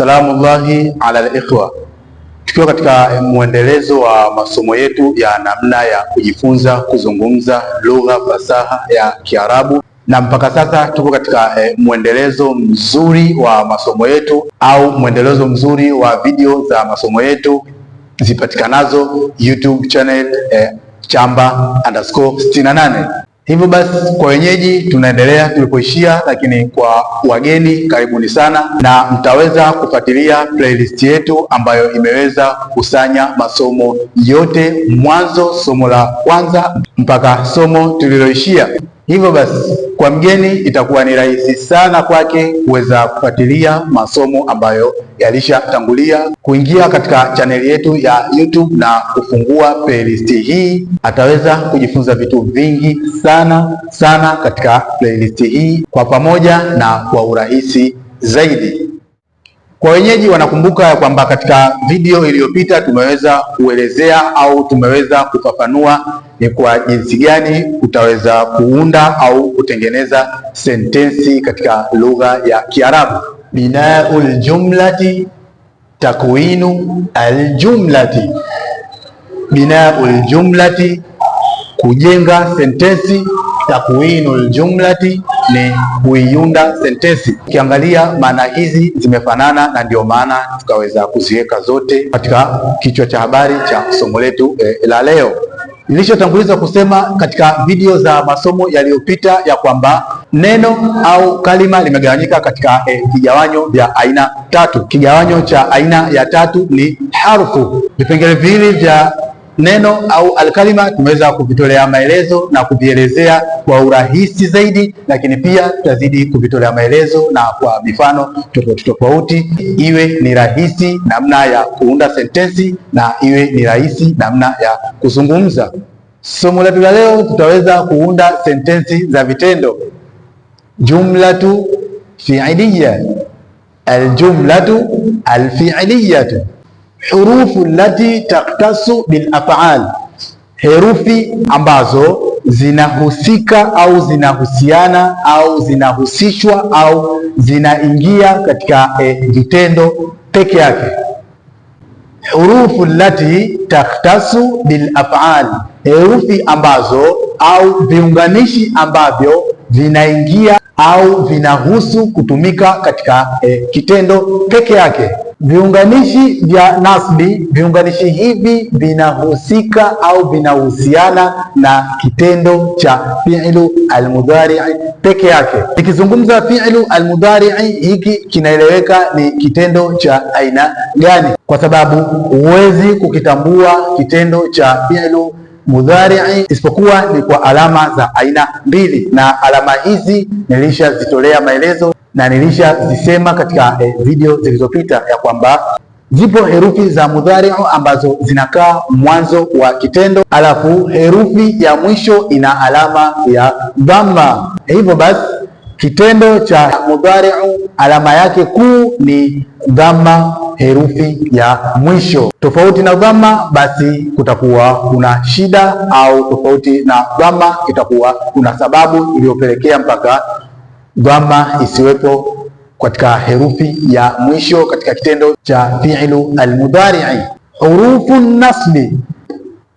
Salamu llahi ala likhwa, tukiwa katika mwendelezo wa masomo yetu ya namna ya kujifunza kuzungumza lugha fasaha ya Kiarabu, na mpaka sasa tuko katika eh, mwendelezo mzuri wa masomo yetu au mwendelezo mzuri wa video za masomo yetu zipatikanazo YouTube channel eh, Chamba underscore 68 Hivyo basi kwa wenyeji tunaendelea tulipoishia, lakini kwa wageni karibuni sana, na mtaweza kufuatilia playlist yetu ambayo imeweza kukusanya masomo yote mwanzo somo la kwanza mpaka somo tuliloishia. Hivyo basi kwa mgeni itakuwa ni rahisi sana kwake kuweza kufuatilia masomo ambayo yalishatangulia. Kuingia katika chaneli yetu ya YouTube na kufungua playlist hii, ataweza kujifunza vitu vingi sana sana katika playlist hii kwa pamoja na kwa urahisi zaidi. Kwa wenyeji wanakumbuka kwamba katika video iliyopita tumeweza kuelezea au tumeweza kufafanua ni kwa jinsi gani utaweza kuunda au kutengeneza sentensi katika lugha ya Kiarabu. Binaul jumlati, takwinu aljumlati. Binaul jumlati, kujenga sentensi takwinu jumlati ni kuiunda sentensi. Ukiangalia maana hizi zimefanana, na ndio maana tukaweza kuziweka zote katika kichwa cha habari cha somo letu e, la leo. Nilichotanguliza kusema katika video za masomo yaliyopita ya kwamba neno au kalima limegawanyika katika e, kigawanyo vya aina tatu. Kigawanyo cha aina ya tatu ni harfu. Vipengele viwili vya neno au alkalima tumeweza kuvitolea maelezo na kuvielezea kwa urahisi zaidi, lakini pia tutazidi kuvitolea maelezo na kwa mifano tofauti tofauti, iwe ni rahisi namna ya kuunda sentensi na iwe ni rahisi namna ya kuzungumza. Somo letu la leo tutaweza kuunda sentensi za vitendo. Jumlatu fi'liya, aljumlatu alfi'iliyatu hurufu lati taktasu bil af'al, herufi ambazo zinahusika au zinahusiana au zinahusishwa au zinaingia katika eh, vitendo peke yake. Hurufu lati taktasu bil af'al, herufi ambazo au viunganishi ambavyo vinaingia au vinahusu kutumika katika eh, kitendo peke yake. Viunganishi vya nasbi, viunganishi hivi vinahusika au vinahusiana na kitendo cha fi'lu almudhari peke yake. Nikizungumza fi'lu almudhari, hiki kinaeleweka ni kitendo cha aina gani? Kwa sababu huwezi kukitambua kitendo cha fi'lu mudhari isipokuwa ni kwa alama za aina mbili, na alama hizi nilishazitolea maelezo na nilishazisema katika eh, video zilizopita ya kwamba zipo herufi za mudhariu ambazo zinakaa mwanzo wa kitendo, alafu herufi ya mwisho ina alama ya dhamma. Hivyo basi kitendo cha mudhariu alama yake kuu ni dhamma, herufi ya mwisho. Tofauti na dhamma, basi kutakuwa kuna shida, au tofauti na dhamma, itakuwa kuna sababu iliyopelekea mpaka dhamma isiwepo katika herufi ya mwisho katika kitendo cha fi'lu almudhari'i. Hurufu nasbi,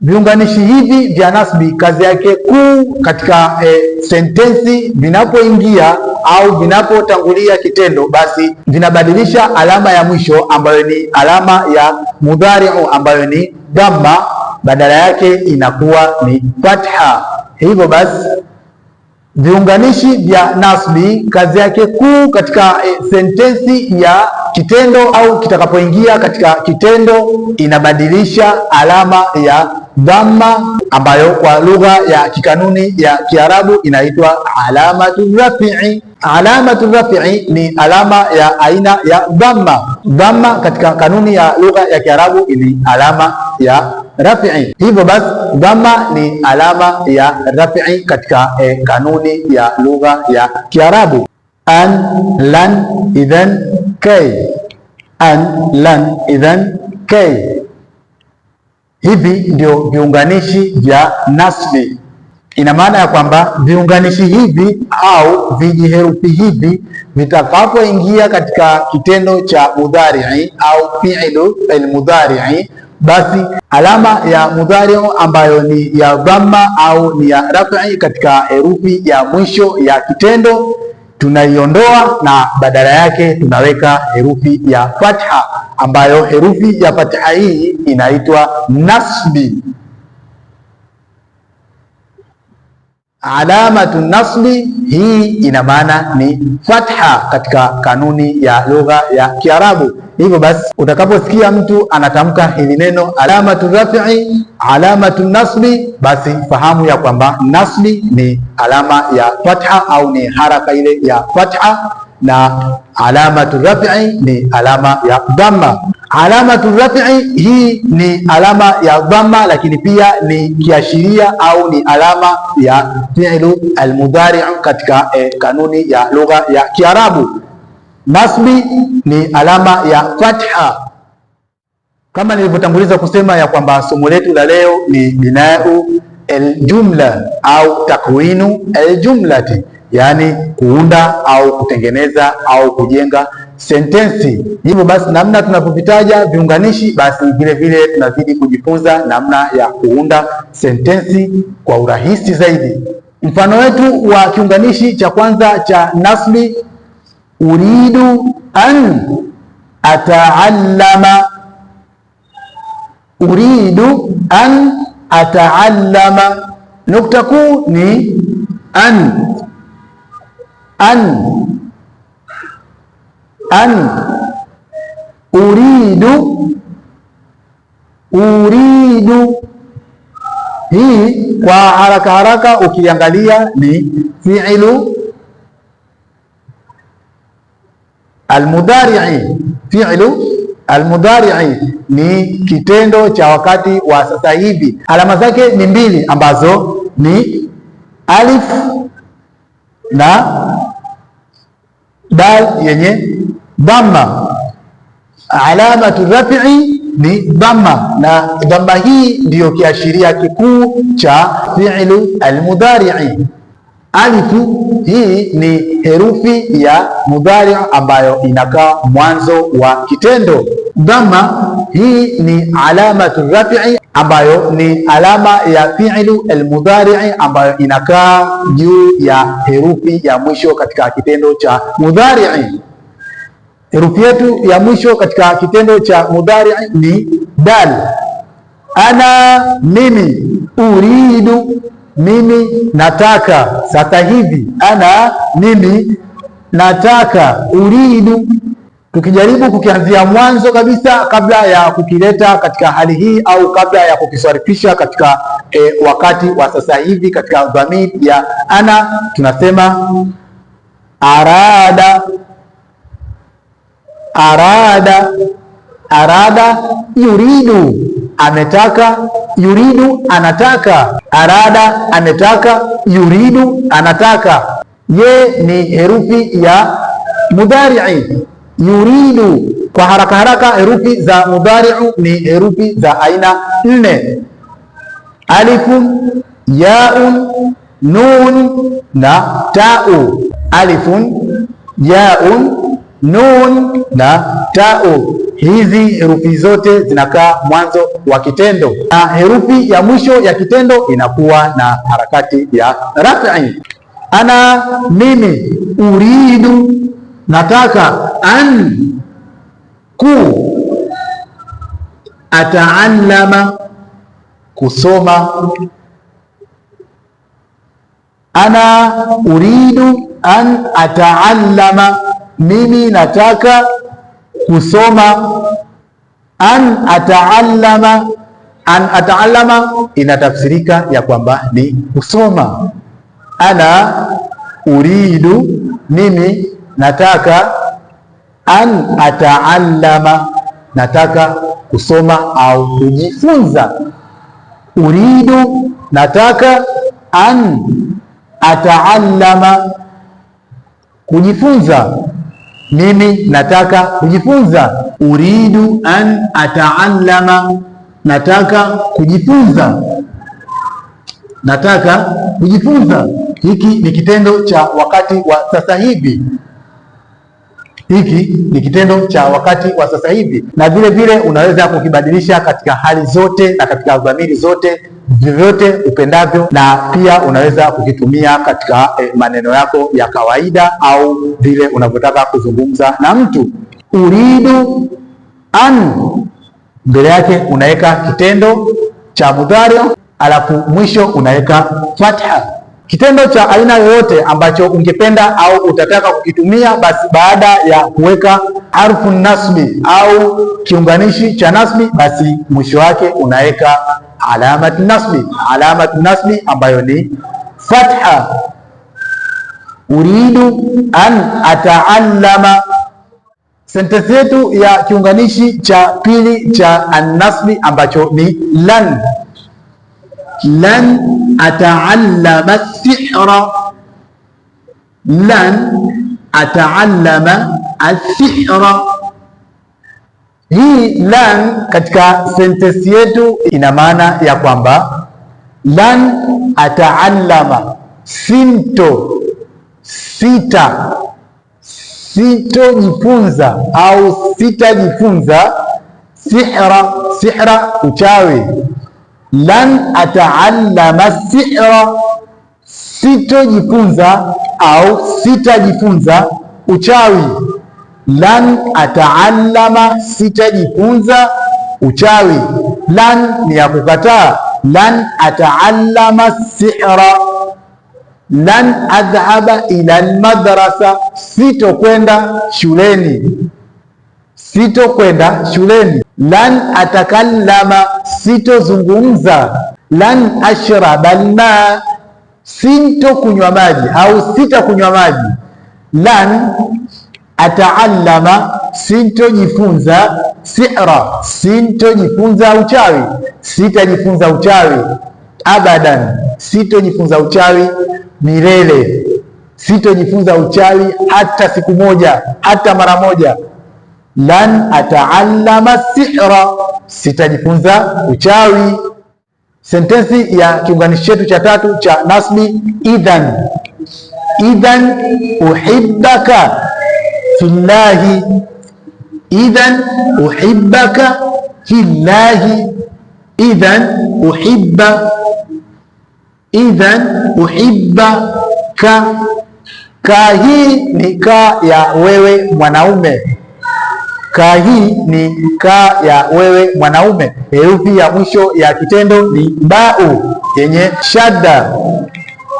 viunganishi hivi vya nasbi kazi yake kuu katika e, sentensi vinapoingia au vinapotangulia kitendo, basi vinabadilisha alama ya mwisho ambayo ni alama ya mudhari'u ambayo ni dhamma, badala yake inakuwa ni fatha. Hivyo basi Viunganishi vya nasbi kazi yake kuu katika e, sentensi ya kitendo au kitakapoingia katika kitendo inabadilisha alama ya dhamma ambayo kwa lugha ya kikanuni ya Kiarabu inaitwa alamatu rafii. Alamatu rafii ni alama ya aina ya dhamma. Dhamma katika kanuni ya lugha ya Kiarabu ni alama ya rafii. Hivyo basi dhamma ni alama ya rafii katika eh, kanuni ya lugha ya Kiarabu. An, lan, idhan, kay. An, lan, idhan, kay Hivi ndio viunganishi vya nasbi. Ina maana ya kwamba viunganishi hivi au vijiherufi hivi vitakapoingia katika kitendo cha mudhari'i au fi'lu almudhari'i, basi alama ya mudhari'u ambayo ni ya dhamma au ni ya raf'i katika herufi ya mwisho ya kitendo tunaiondoa na badala yake tunaweka herufi ya fatha ambayo herufi ya fatha hii inaitwa nasbi. Alamatu nasbi hii ina maana ni fatha katika kanuni ya lugha ya Kiarabu. Hivyo basi, utakaposikia mtu anatamka hili neno alamatu rafi, alamatu nasbi, basi fahamu ya kwamba nasbi ni alama ya fatha au ni haraka ile ya fatha na alamatu rafi ni alama ya dhamma. Alamatu rafi hii ni alama ya dhamma, lakini pia ni kiashiria au ni alama ya fi'lu almudhari katika e, kanuni ya lugha ya Kiarabu. Nasbi ni alama ya fatha kama nilivyotanguliza kusema ya kwamba somo letu la leo ni binau aljumla au takwinu aljumlati yaani kuunda au kutengeneza au kujenga sentensi. Hivyo basi, namna tunavyovitaja viunganishi, basi vile vile tunazidi kujifunza namna ya kuunda sentensi kwa urahisi zaidi. Mfano wetu wa kiunganishi cha kwanza cha nasbi, uridu an ataallama, uridu an ataallama. Nukta kuu ni an an an uridu uridu hii kwa haraka haraka ukiangalia ni fi'lu almudari'i. Fi'lu almudari'i ni kitendo cha wakati wa sasa hivi. Alama zake ni mbili ambazo ni alif na dal yenye dhamma, alamatu raf'i ni dhamma, na dhamma hii ndiyo kiashiria kikuu cha fi'lu almudhari'i. Alifu hii ni herufi ya mudhari ambayo inakaa mwanzo wa kitendo. Dhamma hii ni alamatu rafii ambayo ni alama ya fiilu almudhari ambayo inakaa juu ya herufi ya mwisho katika kitendo cha mudhari. Herufi yetu ya mwisho katika kitendo cha mudhari ni dal. Ana mimi, uridu mimi nataka sasa hivi, ana mimi nataka, uridu. Tukijaribu kukianzia mwanzo kabisa, kabla ya kukileta katika hali hii au kabla ya kukisarifisha katika e, wakati wa sasa hivi katika dhamiri ya ana, tunasema arada, arada, arada, yuridu ametaka, yuridu anataka, arada ametaka, yuridu anataka. Ye ni herufi ya mudhari'i. Yuridu kwa haraka haraka, herufi za mudhari'u ni herufi za aina nne: alifun, yaun, nun na tau. Alifun, yaun, nun na tau. Hizi herufi zote zinakaa mwanzo wa kitendo na herufi ya mwisho ya kitendo inakuwa na harakati ya raf'i. Ana mimi, uridu nataka, an ku ataallama kusoma. Ana uridu an ataallama, mimi nataka kusoma an ataallama. An ataallama inatafsirika ya kwamba ni kusoma. Ana uridu, mimi nataka. An ataallama, nataka kusoma au kujifunza. Uridu, nataka. An ataallama, kujifunza mimi nataka kujifunza, uridu an ataallama, nataka kujifunza, nataka kujifunza. Hiki ni kitendo cha wakati wa sasa hivi, hiki ni kitendo cha wakati wa sasa hivi, na vile vile unaweza kukibadilisha katika hali zote na katika dhamiri zote vyovyote upendavyo, na pia unaweza kukitumia katika e, maneno yako ya kawaida au vile unavyotaka kuzungumza na mtu. Uridu an, mbele yake unaweka kitendo cha mudhari alafu mwisho unaweka fatha kitendo cha aina yoyote ambacho ungependa au utataka kukitumia, basi baada ya kuweka harfu nasbi au kiunganishi cha nasbi, basi mwisho wake unaweka علامه النصب علامه النصب ابيوني فتحه اريد ان اتعلم سنتثيتو يا كيونغانيشي cha pili cha annasbi ambacho ni لن لن اتعلم السحر لن اتعلم السحر Hii lan katika sentensi yetu ina maana ya kwamba lan ataallama, sinto sita sitojifunza au sitajifunza sihra, sihra uchawi. Lan ataallama sihra, sitojifunza au sitajifunza uchawi lan ataallama, sitajifunza uchawi. Lan ni ya kukataa, lan ataallama sihra, lan adhhaba ila almadrasa, sitokwenda shuleni, sitokwenda shuleni. Lan atakallama, sitozungumza. Lan ashraba alma, sintokunywa maji au sitakunywa maji. lan ataallama, sintojifunza sihra, sintojifunza uchawi, sitajifunza uchawi abadan, sitojifunza uchawi milele, sitojifunza uchawi hata siku moja, hata mara moja. Lan ataallama sihra, sitajifunza uchawi. Sentensi ya kiunganishi chetu cha tatu cha nasbi idhan, idhan uhibbaka fillahi idhan uhibbaka fillahi idhan uhibba idhan uhibba ka ka, hii ni ka ya wewe mwanaume. Ka hii ni ka ya wewe mwanaume. Herufi ya mwisho ya kitendo ni bau yenye shadda.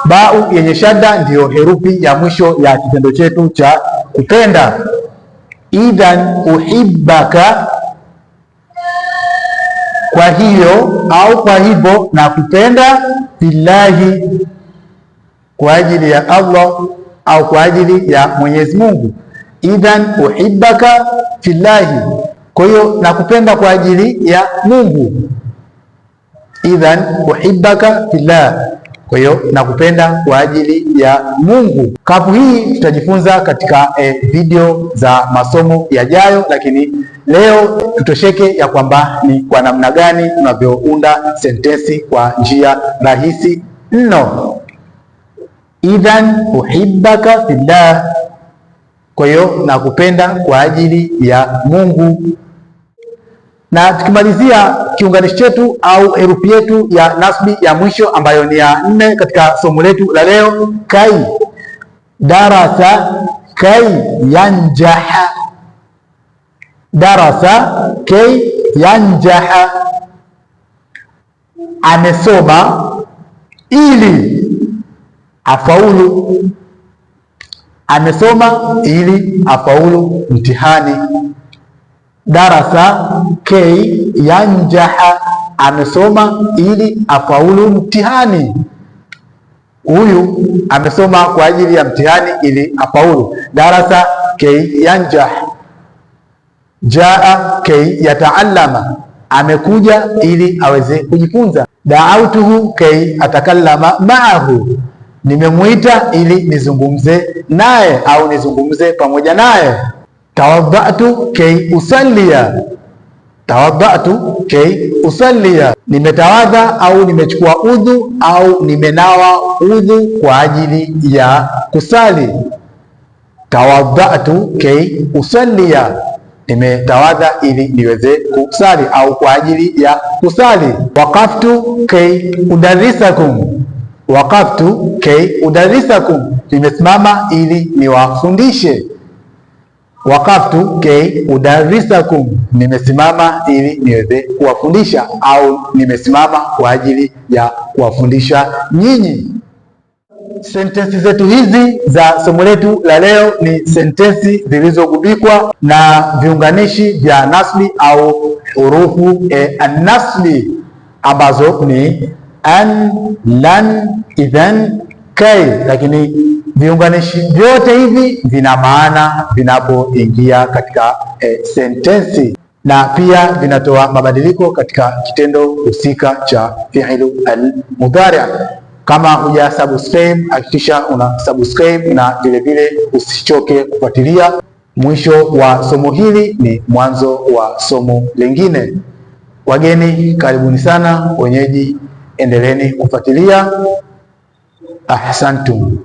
Bau yenye shadda ndiyo herufi ya mwisho ya kitendo chetu cha kupenda idhan uhibbaka, kwa hiyo au kwa hivyo na kupenda kwa ajili ya Allah au kwa ajili ya Mwenyezi Mungu. Idhan uhibbaka fillahi, kwa hiyo nakupenda kwa ajili ya Mungu. Idhan uhibbaka fillah kwa hiyo nakupenda kwa ajili ya Mungu. Kapu hii tutajifunza katika e, video za masomo yajayo, lakini leo tutosheke ya kwamba ni kwa namna gani tunavyounda sentensi kwa njia rahisi mno. Idhan uhibbaka fillah, kwa hiyo nakupenda kwa ajili ya Mungu na tukimalizia kiunganishi chetu au herufi yetu ya nasbi ya mwisho ambayo ni ya nne katika somo letu la leo, kai darasa kai yanjaha darasa kai yanjaha, amesoma ili afaulu, amesoma ili afaulu mtihani darasa k yanjaha, amesoma ili afaulu mtihani. Huyu amesoma kwa ajili ya mtihani ili afaulu. Darasa k yanjah, jaa k yataallama, amekuja ili aweze kujifunza. Daautuhu k atakallama maahu, nimemwita ili nizungumze naye au nizungumze pamoja naye tawadhatu kay usallia, tawadhatu kay usallia, nimetawadha au nimechukua udhu au nimenawa udhu kwa ajili ya kusali. Tawadhatu kay usallia, nimetawadha ili niweze kusali au kwa ajili ya kusali. Waqaftu kay udarisakum waqaftu kay udarisakum, nimesimama ili niwafundishe. Waqaftu k udarrisakum, nimesimama ili niweze kuwafundisha, au nimesimama kwa ajili ya kuwafundisha nyinyi. Sentensi zetu hizi za somo letu la leo ni sentensi zilizogubikwa na viunganishi vya nasli au hurufu e anasli, ambazo ni an, lan, idhan, kai, lakini Viunganishi vyote hivi vina maana vinapoingia katika e, sentensi na pia vinatoa mabadiliko katika kitendo husika cha fiilu al-mudhari'. Kama huja subscribe hakikisha una subscribe, na vilevile usichoke kufuatilia. Mwisho wa somo hili ni mwanzo wa somo lingine. Wageni karibuni sana, wenyeji endeleeni kufuatilia. Ahsantum.